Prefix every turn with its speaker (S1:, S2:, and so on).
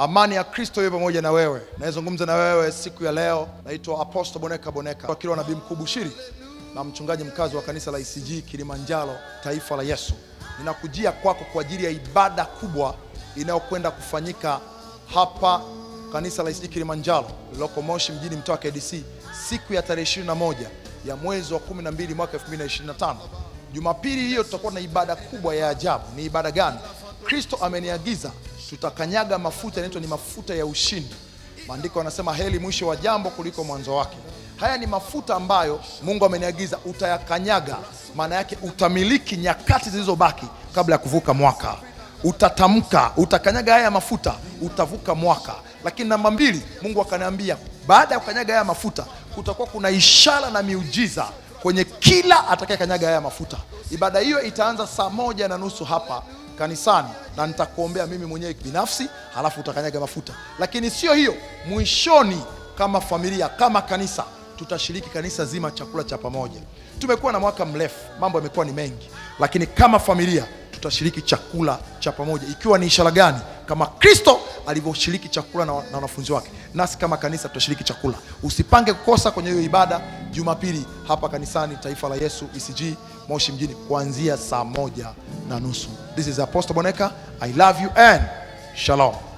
S1: Amani ya Kristo iwe pamoja na wewe. Naizungumza na wewe siku ya leo, naitwa Apostle Boneka Boneka, wakili wa nabii mkuu Bushiri na mchungaji mkazi wa kanisa la ICG Kilimanjaro, taifa la Yesu. Ninakujia kwako kwa ajili ya ibada kubwa inayokwenda kufanyika hapa kanisa la ICG Kilimanjaro lililoko Moshi mjini, mtaa wa KDC, siku ya tarehe 21 ya mwezi wa 12 mwaka 2025. Jumapili hiyo tutakuwa na ibada kubwa ya ajabu. Ni ibada gani? Kristo ameniagiza tutakanyaga mafuta yanaitwa ni mafuta ya ushindi. Maandiko anasema heli mwisho wa jambo kuliko mwanzo wake. Haya ni mafuta ambayo Mungu ameniagiza utayakanyaga, maana yake utamiliki nyakati zilizobaki kabla ya kuvuka mwaka. Utatamka, utakanyaga haya mafuta, utavuka mwaka. Lakini namba mbili, Mungu akaniambia baada ya kukanyaga haya mafuta kutakuwa kuna ishara na miujiza kwenye kila atakayekanyaga haya mafuta. Ibada hiyo itaanza saa moja na nusu hapa kanisani na nitakuombea mimi mwenyewe binafsi, halafu utakanyaga mafuta. Lakini sio hiyo, mwishoni, kama familia, kama kanisa, tutashiriki kanisa zima chakula cha pamoja. Tumekuwa na mwaka mrefu, mambo yamekuwa ni mengi, lakini kama familia tutashiriki chakula cha pamoja, ikiwa ni ishara gani? Kama Kristo alivyoshiriki chakula na wanafunzi wake, nasi kama kanisa tutashiriki chakula. Usipange kukosa kwenye hiyo ibada Jumapili hapa kanisani Taifa la Yesu ECG Moshi mjini, kuanzia saa moja na nusu. This is Apostle Boneka. I love you and shalom.